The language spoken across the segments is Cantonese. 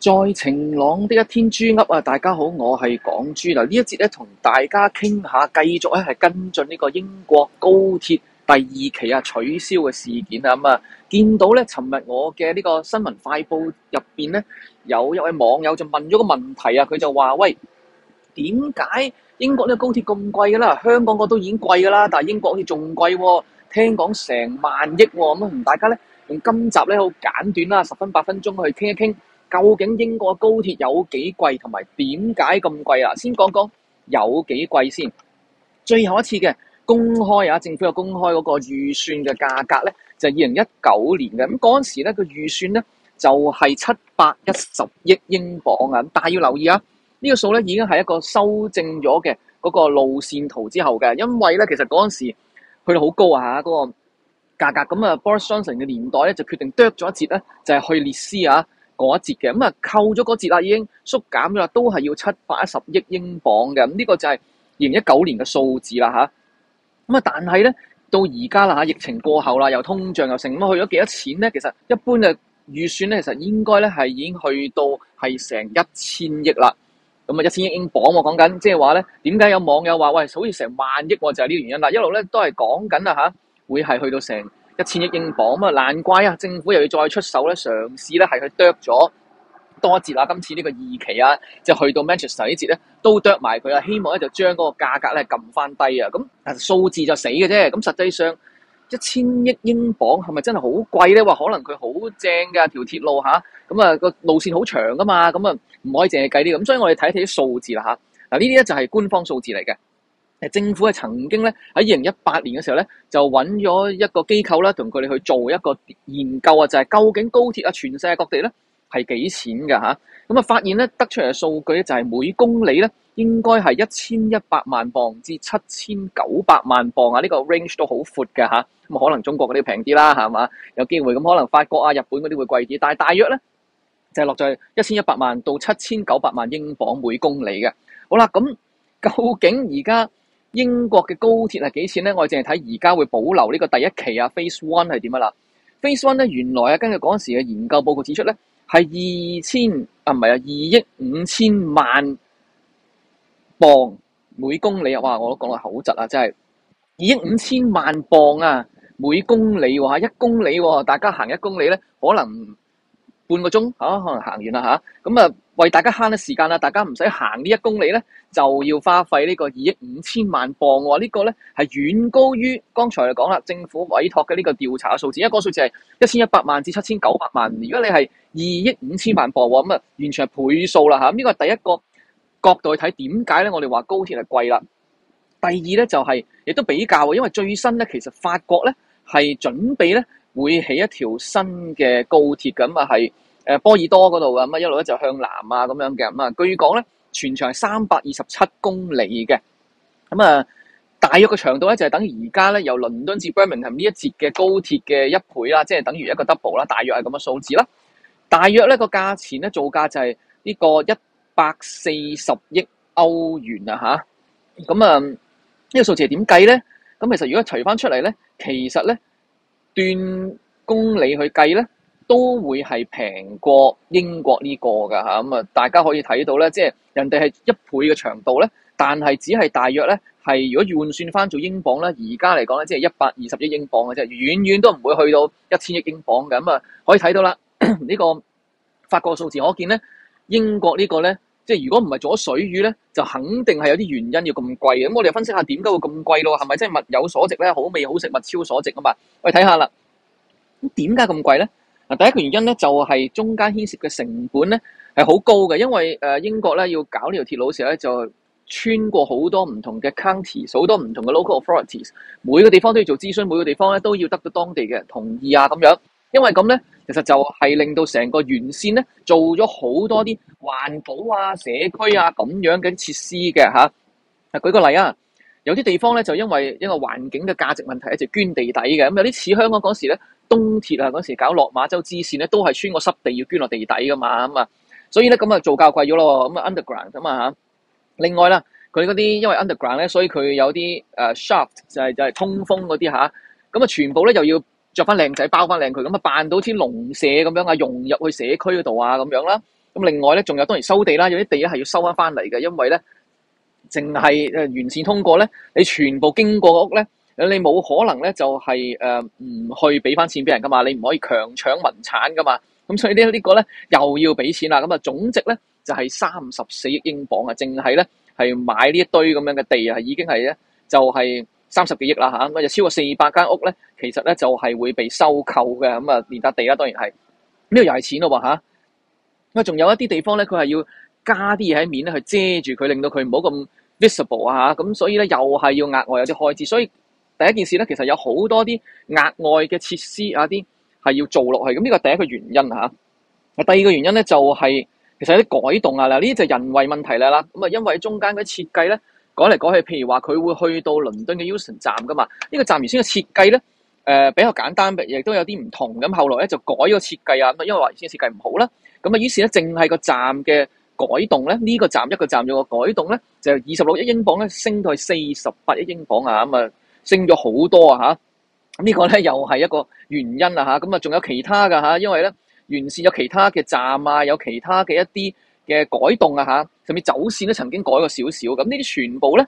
在晴朗的一天，豬噏啊！大家好，我係港豬。嗱，呢一節咧，同大家傾下，繼續咧係跟進呢個英國高鐵第二期啊取消嘅事件啊。咁啊，見到咧，尋日我嘅呢個新聞快報入邊咧，有一位網友就問咗個問題啊。佢就話喂，點解英國呢個高鐵咁貴噶啦？香港個都已經貴噶啦，但係英國好似仲貴喎，聽講成萬億喎。咁同大家咧用今集咧好簡短啦，十分八分鐘去傾一傾。究竟英國高鐵有幾貴同埋點解咁貴啊？先講講有幾貴先。最後一次嘅公開啊，政府有公開嗰個預算嘅價格咧，就係二零一九年嘅咁嗰陣時咧，個預算咧就係七百一十億英鎊啊。但係要留意啊，呢個數咧已經係一個修正咗嘅嗰個路線圖之後嘅，因為咧其實嗰陣時去到好高啊，嗰個價格咁啊。Boris Johnson 嘅年代咧就決定剁咗一截咧，就係去列斯啊。嗰一節嘅咁啊，扣咗嗰節啦，已經縮減咗啦，都係要七百一十億英鎊嘅。呢、這個就係二零一九年嘅數字啦吓，咁啊，但係咧到而家啦嚇，疫情過後啦，又通脹又成，咁去咗幾多錢咧？其實一般嘅預算咧，其實應該咧係已經去到係成一千億啦。咁啊，一千億英鎊我講緊即係話咧，點解有網友話喂，好似成萬億喎，啊？就係、是、呢個原因啦。一路咧都係講緊啊吓，會係去到成。一千億英鎊嘛，難怪啊，政府又要再出手呢，嘗試呢，係去啄咗多一節啦。今次呢個二期啊，就去到 Manchester 呢節呢，都啄埋佢啊，希望呢，就將嗰個價格呢撳翻低啊。咁但係數字就死嘅啫。咁實際上一千億英鎊係咪真係好貴呢？話可能佢好正㗎條鐵路下咁啊，個路線好長㗎嘛，咁啊唔可以淨係計啲咁。所以我哋睇一睇啲數字啦嚇。嗱呢啲咧就係官方數字嚟嘅。政府係曾經咧喺二零一八年嘅時候咧，就揾咗一個機構啦，同佢哋去做一個研究啊，就係究竟高鐵啊，全世界各地咧係幾錢㗎吓，咁啊，發現咧得出嚟嘅數據咧就係每公里咧應該係一千一百萬磅至七千九百萬磅啊，呢個 range 都好闊㗎吓，咁可能中國嗰啲平啲啦，係嘛？有機會咁可能法國啊、日本嗰啲會貴啲，但係大約咧就係落在一千一百萬到七千九百萬英鎊每公里嘅。好啦，咁究竟而家？英國嘅高鐵係幾錢咧？我哋淨係睇而家會保留呢個第一期啊，Phase One 係點啊啦？Phase One 咧原來啊，根據嗰陣時嘅研究報告指出咧，係二千啊，唔係啊，二億五千萬磅每公里啊！哇，我都講到口窒啊，真係二億五千萬磅啊每公里喎、啊、一公里喎、啊啊，大家行一公里咧可能。半個鐘，嚇、啊、可能行完啦嚇。咁啊、嗯，為大家慳啲時間啦，大家唔使行呢一公里咧，就要花費呢個二億五千萬鎊、這個、呢個咧係遠高於剛才講啦，政府委託嘅呢個調查嘅數字，一為個數字係一千一百萬至七千九百萬。如果你係二億五千萬鎊咁啊、嗯、完全係倍數啦嚇。呢、啊嗯這個係第一個角度去睇點解咧，我哋話高鐵係貴啦。第二咧就係、是、亦都比較因為最新咧其實法國咧係準備咧。會起一條新嘅高鐵咁啊，係誒波爾多嗰度啊，乜一路咧就向南啊咁樣嘅咁啊。據講咧，全長係三百二十七公里嘅，咁啊，大約個長度咧就係等於而家咧由倫敦至 Birmingham 呢一節嘅高鐵嘅一倍啦，即係等於一個 double 啦，大約係咁嘅數字啦。大約呢個價錢咧造價就係呢個一百四十億歐元啊吓咁啊，呢個數字係點計咧？咁其實如果除翻出嚟咧，其實咧。段公里去計呢，都會係平過英國呢個噶嚇，咁啊大家可以睇到咧，即係人哋係一倍嘅長度咧，但係只係大約咧係如果換算翻做英鎊咧，而家嚟講咧，即係一百二十億英鎊嘅啫，遠遠都唔會去到一千億英鎊嘅，咁啊可以睇到啦，呢個法國數字我見咧，英國呢個咧。即係如果唔係做咗水魚咧，就肯定係有啲原因要咁貴嘅。咁我哋分析下點解會咁貴咯？係咪即係物有所值咧？好味好食，物超所值啊嘛！我哋睇下啦，咁點解咁貴咧？啊，第一個原因咧就係中間牽涉嘅成本咧係好高嘅，因為誒英國咧要搞呢條鐵路嘅時候咧，就穿過好多唔同嘅 county，好多唔同嘅 local authorities，每個地方都要做諮詢，每個地方咧都要得到當地嘅同意啊咁樣。因為咁咧。其實就係令到成個沿線咧，做咗好多啲環保啊、社區啊咁樣嘅設施嘅嚇、啊。舉個例啊，有啲地方咧就因為一個環境嘅價值問題一直、就係、捐地底嘅。咁、嗯、有啲似香港嗰時咧，東鐵啊嗰時搞落馬洲支線咧，都係穿過濕地要捐落地底噶嘛。咁、嗯、啊，所以咧咁啊做較貴咗咯。咁、嗯、啊 underground 咁啊嘛。另外啦，佢嗰啲因為 underground 咧，所以佢有啲誒 shaft 就係就係通風嗰啲吓，咁啊，全部咧就要。著翻靚仔包翻靚佢，咁啊扮到似農舍咁樣啊，融入去社區嗰度啊，咁樣啦。咁另外咧，仲有當然收地啦，有啲地咧係要收翻翻嚟嘅，因為咧，淨係誒完善通過咧，你全部經過屋咧，你冇可能咧就係誒唔去俾翻錢俾人噶嘛，你唔可以強搶民產噶嘛。咁所以咧呢個咧又要俾錢啦。咁啊總值咧就係三十四億英鎊啊，淨係咧係買呢一堆咁樣嘅地啊，已經係咧就係、是。三十幾億啦吓，咁就超過四百間屋咧，其實咧就係會被收購嘅，咁啊連笪地啦當然係，呢度又係錢咯喎吓，咁啊仲有一啲地方咧，佢係要加啲嘢喺面咧去遮住佢，令到佢唔好咁 visible 啊吓，咁所以咧又係要額外有啲開支，所以第一件事咧，其實有好多啲額外嘅設施啊，啲係要做落去，咁呢個第一個原因嚇。第二個原因咧就係、是、其實有啲改動啊嗱，呢啲就係人為問題啦，咁啊因為中間嘅設計咧。講嚟講去，譬如話佢會去到倫敦嘅 Euston 站㗎嘛？呢、這個站原先嘅設計咧，誒、呃、比較簡單，亦都有啲唔同。咁後來咧就改咗設計啊，咁因為話原先設計唔好啦。咁啊，於是咧，淨係個站嘅改動咧，呢、這個站一個站嘅改動咧，就二十六億英鎊咧升到去四十八億英鎊啊！咁、嗯、啊，升咗好多啊嚇。呢個咧又係一個原因啊嚇。咁啊，仲、嗯、有其他㗎嚇、啊，因為咧原先有其他嘅站啊，有其他嘅一啲。嘅改動啊嚇，甚至走線都曾經改過少少，咁呢啲全部咧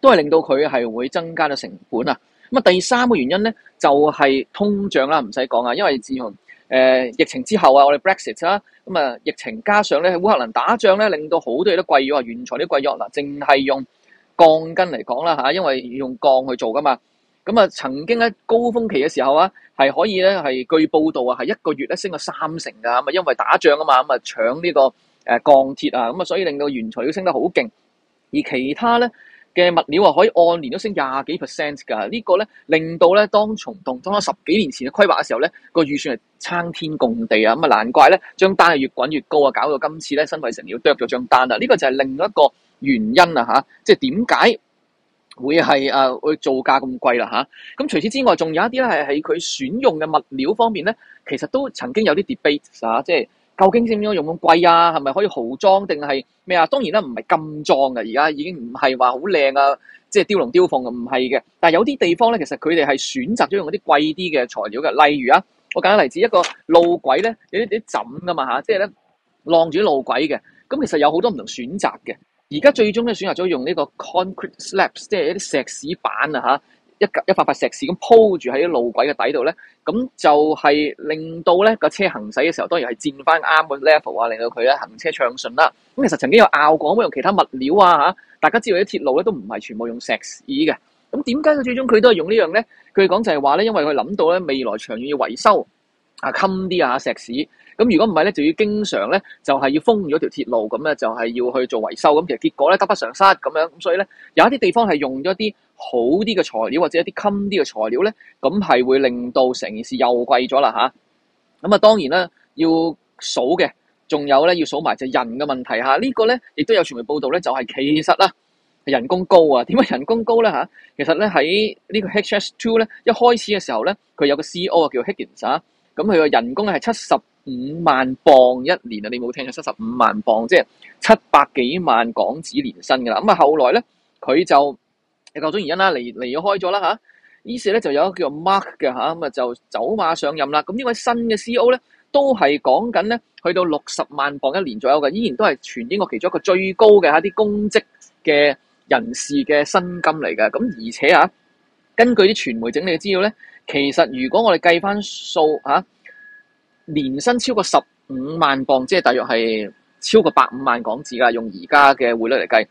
都係令到佢係會增加咗成本啊。咁啊第三個原因咧就係、是、通脹啦，唔使講啊，因為自從誒、呃、疫情之後啊，我哋 Brexit 啊，咁啊疫情加上咧烏克蘭打仗咧，令到好多嘢都貴咗，原材料都貴咗。嗱、啊，淨係用鋼筋嚟講啦嚇、啊，因為用鋼去做㗎嘛。咁啊曾經喺高峰期嘅時候啊，係可以咧係據報道啊，係一個月咧升咗三成㗎。咁啊因為打仗啊嘛，咁啊搶呢、這個。誒鋼鐵啊，咁啊，所以令到原材料升得好勁，而其他咧嘅物料啊，可以按年都升廿幾 percent 㗎。呢、這個咧令到咧當從當咗十幾年前嘅規劃嘅時候咧，個預算係爭天共地啊。咁啊，難怪咧張單係越滾越高啊，搞到今次咧辛偉誠要剁咗張單啊。呢、這個就係另一個原因啊，吓，即係點解會係啊會造價咁貴啦吓，咁、啊、除此之外，仲有一啲咧係喺佢選用嘅物料方面咧，其實都曾經有啲 debate 啊，即係。究竟使唔使用咁貴啊？係咪可以豪裝定係咩啊？當然啦，唔係咁裝嘅，而家已經唔係話好靚啊，即係雕龍雕鳳嘅，唔係嘅。但有啲地方咧，其實佢哋係選擇咗用嗰啲貴啲嘅材料嘅。例如啊，我揀個例子，一個路軌咧，有啲枕嘅嘛吓，即係咧晾住啲路軌嘅。咁其實有好多唔同嘅選擇嘅。而家最終咧選擇咗用呢個 concrete slabs，即係一啲石屎板啊嚇。一一塊一塊石屎咁鋪住喺啲路軌嘅底度咧，咁就係令到咧個車行駛嘅時候，當然係佔翻啱個 level 啊，令到佢咧行車暢順啦。咁其實曾經有拗過，咁用其他物料啊？嚇，大家知道啲鐵路咧都唔係全部用石屎嘅。咁點解佢最終佢都係用這樣呢樣咧？佢講就係話咧，因為佢諗到咧未來長遠要維修啊，冚啲啊石屎。咁如果唔係咧，就要經常咧就係、是、要封咗條鐵路，咁咧就係要去做維修。咁其實結果咧得不償失咁樣。咁所以咧有一啲地方係用咗啲，好啲嘅材料或者一啲襟啲嘅材料咧，咁係會令到成件事又貴咗啦吓，咁啊，當然啦，要數嘅，仲有咧要數埋隻人嘅問題吓，啊這個、呢個咧亦都有傳媒報道咧，就係、是、其實啦，人工高啊，點解人工高咧吓、啊，其實咧喺呢個 HS2 咧一開始嘅時候咧，佢有個 CEO 啊叫 Higgins，咁佢嘅人工係七十五萬磅一年啊，你冇聽錯，七十五萬磅，即係七百幾萬港紙年薪噶啦。咁啊，後來咧佢就。嘅各種原因啦，離離開咗啦嚇，於是咧就有一個叫做 Mark 嘅嚇，咁啊就走馬上任啦。咁呢位新嘅 CEO 咧，都係講緊咧，去到六十萬磅一年左右嘅，依然都係全英國其中一個最高嘅一啲公職嘅人士嘅薪金嚟嘅。咁、啊、而且啊，根據啲傳媒整理嘅資料咧，其實如果我哋計翻數嚇、啊，年薪超過十五萬磅，即、就、係、是、大約係超過百五萬港紙噶，用而家嘅匯率嚟計，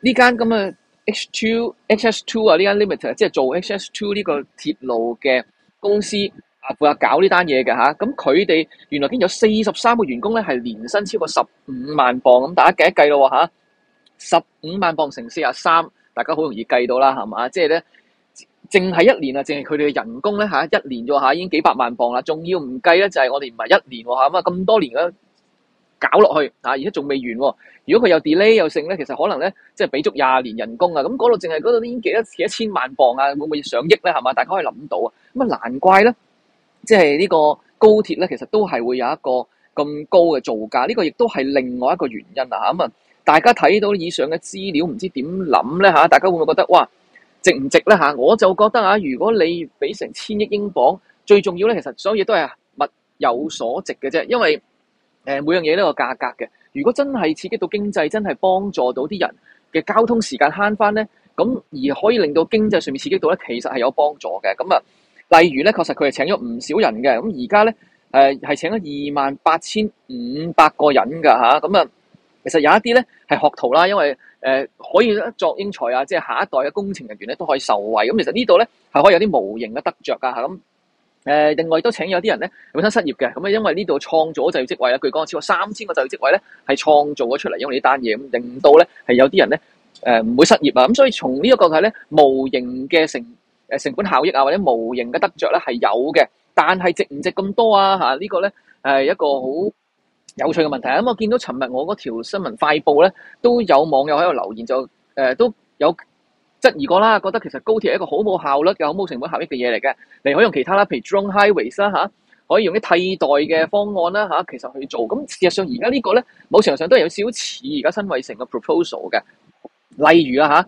呢間咁嘅。H2 HS2 啊，呢間 Limited 即係做 HS2 呢個鐵路嘅公司啊，負責搞呢單嘢嘅吓，咁佢哋原來竟然有四十三個員工咧，係年薪超過十五萬磅咁，大家計一計咯吓，十五萬磅乘四十三，大家好容易計到啦，係嘛？即係咧，淨係一年啊，淨係佢哋嘅人工咧吓，一年咗喎已，已經幾百萬磅啦，仲要唔計咧就係我哋唔係一年喎嚇，咁啊咁多年嘅。搞落去啊！而家仲未完喎。如果佢又 delay 又剩咧，其實可能咧，即係俾足廿年人工啊。咁嗰度淨係嗰度已經幾多幾多千萬鎊啊？會唔會上億咧？係嘛？大家可以諗到啊。咁啊，難怪咧，即係呢個高鐵咧，其實都係會有一個咁高嘅造價。呢個亦都係另外一個原因啊。咁啊，大家睇到以上嘅資料，唔知點諗咧吓？大家會唔會覺得哇，值唔值咧吓？我就覺得啊，如果你俾成千億英鎊，最重要咧，其實所有都係物有所值嘅啫，因為。誒每樣嘢呢個價格嘅，如果真係刺激到經濟，真係幫助到啲人嘅交通時間慳翻咧，咁而可以令到經濟上面刺激到咧，其實係有幫助嘅。咁啊，例如咧，確實佢係請咗唔少人嘅，咁而家咧誒係請咗二萬八千五百個人㗎嚇，咁啊，其實有一啲咧係學徒啦，因為誒、呃、可以作英才啊，即係下一代嘅工程人員咧都可以受惠。咁其實呢度咧係可以有啲無形嘅得着㗎嚇，咁誒，另外都請有啲人咧，本身失業嘅，咁因為呢度創造咗就業職位啦，據講超過三千個就業職位咧係創造咗出嚟，因為呢單嘢，咁令到咧係有啲人咧誒唔會失業啊，咁所以從呢一個角度咧，無形嘅成成本效益啊，或者無形嘅得著咧係有嘅，但係值唔值咁多啊？嚇，呢個咧係一個好有趣嘅問題啊！咁、嗯、我見到尋日我嗰條新聞快報咧，都有網友喺度留言，就誒、呃、都有。質疑過啦，覺得其實高鐵係一個好冇效率嘅、好冇成本效益嘅嘢嚟嘅。你可以用其他啦，譬如 drone highways 啦、啊、可以用啲替代嘅方案啦、啊、其實去做。咁事實上而家呢個咧，某程度上都有少少似而家新衛城嘅 proposal 嘅。例如啊，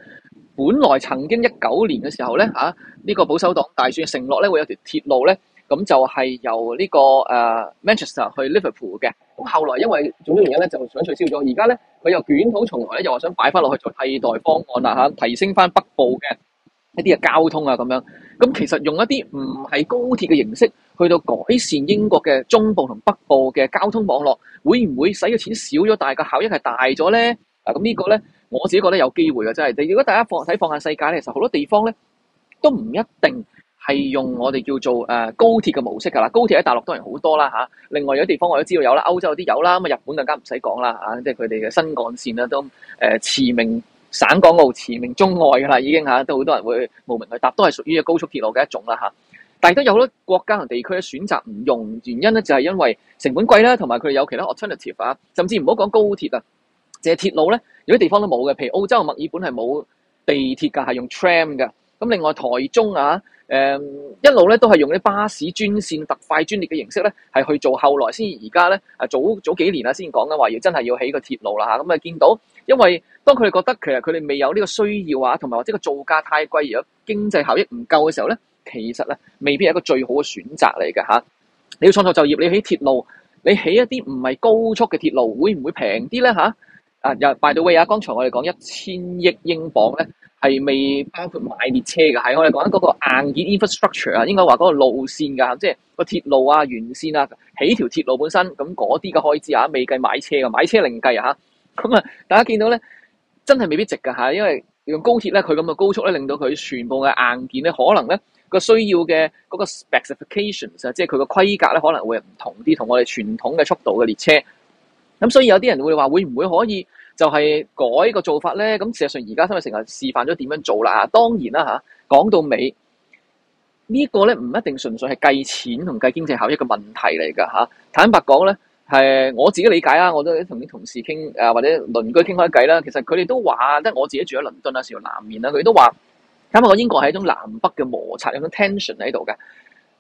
本來曾經一九年嘅時候咧呢、啊呢個保守黨大選嘅承諾咧會有條鐵路咧。咁就係由呢、這個誒、uh, Manchester 去 Liverpool 嘅，咁後來因為種種原因咧，就想取消咗。而家咧，佢又捲土重來咧，又話想擺翻落去做替代方案啦、吓、提升翻北部嘅一啲嘅交通啊咁樣。咁其實用一啲唔係高鐵嘅形式去到改善英國嘅中部同北部嘅交通網絡，會唔會使嘅錢少咗，但係個效益係大咗咧？啊，咁呢個咧，我自己覺得有機會嘅。真係，如果大家放睇放眼世界咧，其實好多地方咧都唔一定。係用我哋叫做誒高鐵嘅模式㗎啦。高鐵喺大陸當然好多啦嚇，另外有啲地方我都知道有啦，歐洲有啲有啦，咁啊日本更加唔使講啦啊，即係佢哋嘅新幹線啦，都誒馳名省港澳、馳名中外㗎啦已經嚇，都好多人會慕名去搭，都係屬於高速鐵路嘅一種啦嚇。但係都有好多國家同地區選擇唔用，原因咧就係因為成本貴啦，同埋佢哋有其他 alternative 啊。甚至唔好講高鐵啊，淨係鐵路咧，有啲地方都冇嘅，譬如澳洲墨爾本係冇地鐵㗎，係用 tram 㗎。咁另外台中啊。誒、嗯、一路咧都係用啲巴士專線、特快專列嘅形式咧，係去做，後來先而家咧啊，早早幾年啊先講嘅話，要真係要起個鐵路啦嚇。咁啊，見到因為當佢哋覺得其實佢哋未有呢個需要啊，同埋或者個造價太貴，而經濟效益唔夠嘅時候咧，其實咧未必係一個最好嘅選擇嚟嘅嚇。你要創造就業，你要起鐵路，你起一啲唔係高速嘅鐵路，會唔會平啲咧嚇？啊，又 by the way 啊，剛才我哋講一千億英鎊咧。係未包括買列車噶係我哋講緊嗰個硬件 infrastructure 啊，應該話嗰個路線噶，即係個鐵路啊、沿線啊，起條鐵路本身，咁嗰啲嘅開支啊，未計買車噶，買車另計啊，吓，咁啊，大家見到咧，真係未必值噶吓，因為用高鐵咧，佢咁嘅高速咧，令到佢全部嘅硬件咧，可能咧個需要嘅嗰個 specifications 啊，即係佢個規格咧，可能會唔同啲，同我哋傳統嘅速度嘅列車。咁所以有啲人會話會唔會可以就係改個做法咧？咁事實上而家真係成日示範咗點樣做啦。當然啦，吓講到尾呢、呢個咧唔一定純粹係計錢同計經濟效益嘅問題嚟噶吓。坦白講咧，係我自己理解啊，我都同啲同事傾誒或者鄰居傾開偈啦。其實佢哋都話，即係我自己住喺倫敦啊，朝南面啦，佢都話，坦白講英國係一種南北嘅摩擦，有種 tension 喺度嘅。誒、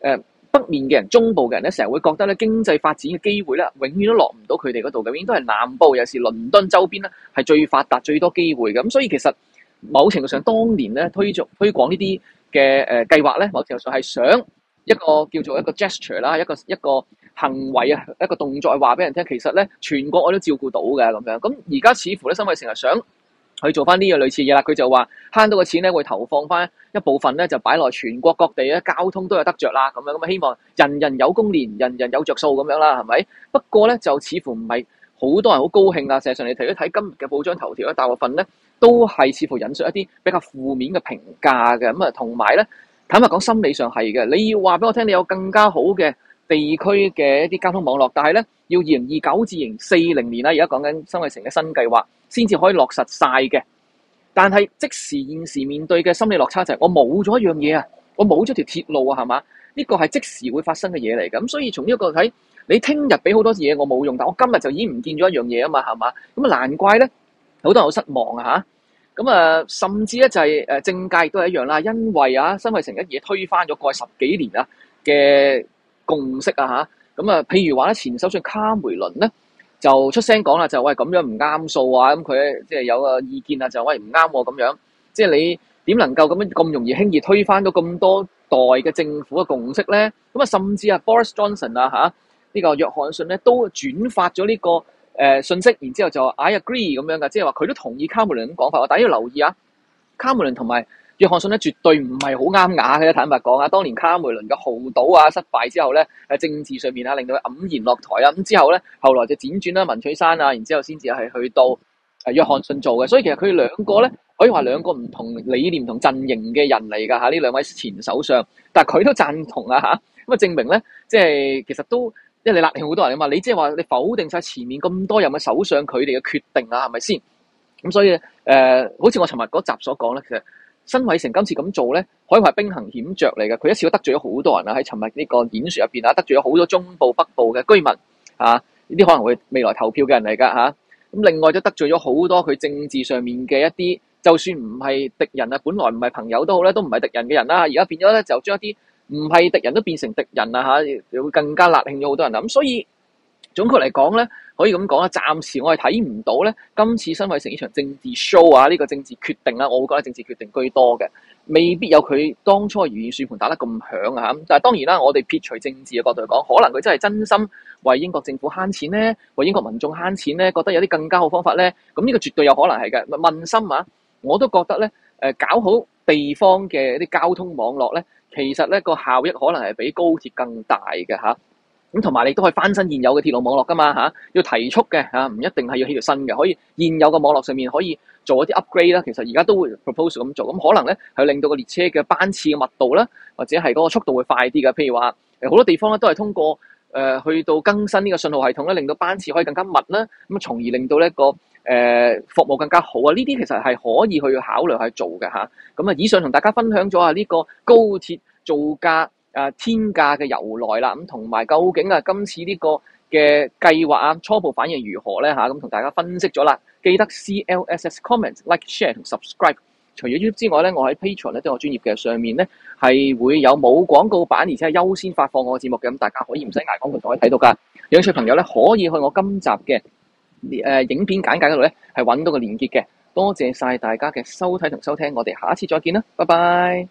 呃。北面嘅人，中部嘅人咧，成日會覺得咧，經濟發展嘅機會咧，永遠都落唔到佢哋嗰度嘅，永遠都係南部又是倫敦周邊啦，係最發達、最多機會嘅。咁所以其實某程度上，當年咧推逐推廣、呃、呢啲嘅誒計劃咧，某程度上係想一個叫做一個 gesture 啦，一個一個行為啊，一個動作，話俾人聽。其實咧，全國我都照顧到嘅咁樣。咁而家似乎咧，辛偉誠係想。去做翻呢樣類似嘢啦，佢就話慳到嘅錢呢會投放翻一部分呢就擺落全國各地交通都有得着啦，咁樣咁希望人人有工練，人人有着數咁樣啦，係咪？不過呢，就似乎唔係好多人好高興啦，實際上你睇一睇今日嘅報章頭條咧，大部分呢都係似乎引述一啲比較負面嘅評價嘅，咁啊，同埋咧，坦白講心理上係嘅，你要話俾我聽，你有更加好嘅。地區嘅一啲交通網絡，但係咧要二零二九至二零四零年啦。而家講緊辛偉誠嘅新計劃，先至可以落實晒嘅。但係即時現時面對嘅心理落差就係、是、我冇咗一樣嘢啊，我冇咗條鐵路啊，係嘛？呢、這個係即時會發生嘅嘢嚟。咁所以從呢個個睇，你聽日俾好多嘢我冇用，但我今日就已經唔見咗一樣嘢啊嘛，係嘛？咁啊，難怪咧，好多人好失望啊嚇。咁啊，甚至咧就係、是、政界都係一樣啦，因為啊辛偉誠嘅嘢推翻咗過去十幾年啊嘅。共識啊嚇，咁啊，譬如話咧，前首相卡梅倫咧就出聲講啦，就喂咁樣唔啱數啊，咁佢即係有個意見啊，就喂唔啱喎咁樣，即係你點能夠咁樣咁容易輕易推翻到咁多代嘅政府嘅共識咧？咁啊，甚至啊，Boris Johnson 啊嚇呢個約翰遜咧都轉發咗呢個誒信息，然之後就 I agree 咁樣嘅，即係話佢都同意卡梅倫嘅講法。我大家要留意啊，卡梅倫同埋。約翰遜咧，絕對唔係好啱眼嘅。坦白講啊，當年卡梅倫嘅豪賭啊失敗之後咧，喺政治上面啊，令到佢黯然落台啊。咁之後咧，後來就輾轉啦文翠山啊，然後之後先至係去到誒約翰遜做嘅。所以其實佢兩個咧，可以話兩個唔同理念同陣營嘅人嚟噶吓。呢、啊、兩位前首相，但佢都贊同啊吓咁啊，證明咧即係其實都因為你拉欠好多人啊嘛。你即係話你否定晒前面咁多任嘅首相佢哋嘅決定啊，係咪先咁？所以誒、呃，好似我尋日嗰集所講咧，其實。辛偉誠今次咁做呢，可以話兵行險著嚟嘅。佢一次都得罪咗好多人啊！喺尋日呢個演説入邊得罪咗好多中部北部嘅居民啊！呢啲可能會未來投票嘅人嚟㗎嚇。咁、啊、另外就得罪咗好多佢政治上面嘅一啲，就算唔係敵人啊，本來唔係朋友都好咧，都唔係敵人嘅人啦。而家變咗呢，就將一啲唔係敵人都變成敵人啊！嚇，會更加辣興咗好多人啦。咁所以。總括嚟講呢，可以咁講啦。暫時我係睇唔到呢，今次辛偉誠呢場政治 show 啊，呢個政治決定啊，我會覺得政治決定居多嘅，未必有佢當初如意算盤打得咁響啊！但係當然啦，我哋撇除政治嘅角度嚟講，可能佢真係真心為英國政府慳錢呢，為英國民眾慳錢呢，覺得有啲更加好方法呢。咁呢個絕對有可能係嘅。問心啊，我都覺得呢，誒，搞好地方嘅啲交通網絡呢，其實呢個效益可能係比高鐵更大嘅。咁同埋你都可以翻新現有嘅鐵路網絡㗎嘛，要提速嘅，唔一定係要起一條新嘅，可以現有嘅網絡上面可以做一啲 upgrade 啦。其實而家都會 propose 咁做，咁可能呢係令到個列車嘅班次嘅密度啦，或者係嗰個速度會快啲嘅。譬如話，好多地方呢都係通過、呃、去到更新呢個信號系統呢令到班次可以更加密啦，咁從而令到呢、那個呃服務更加好啊。呢啲其實係可以去考慮去做嘅咁、啊、以上同大家分享咗啊呢個高鐵造價。誒天價嘅由來啦，咁同埋究竟啊今次呢個嘅計劃啊初步反應如何咧嚇？咁同大家分析咗啦。記得 CLSS comment like share 同 subscribe。除咗 YouTube 之外咧，我喺 Patreon 咧都有專業嘅上面咧係會有冇廣告版而且係優先發放我嘅節目嘅，咁大家可以唔使捱廣告都可以睇到㗎。有興趣朋友咧可以去我今集嘅影片簡介嗰度咧係揾到個連結嘅。多謝晒大家嘅收睇同收聽，我哋下次再見啦，拜拜。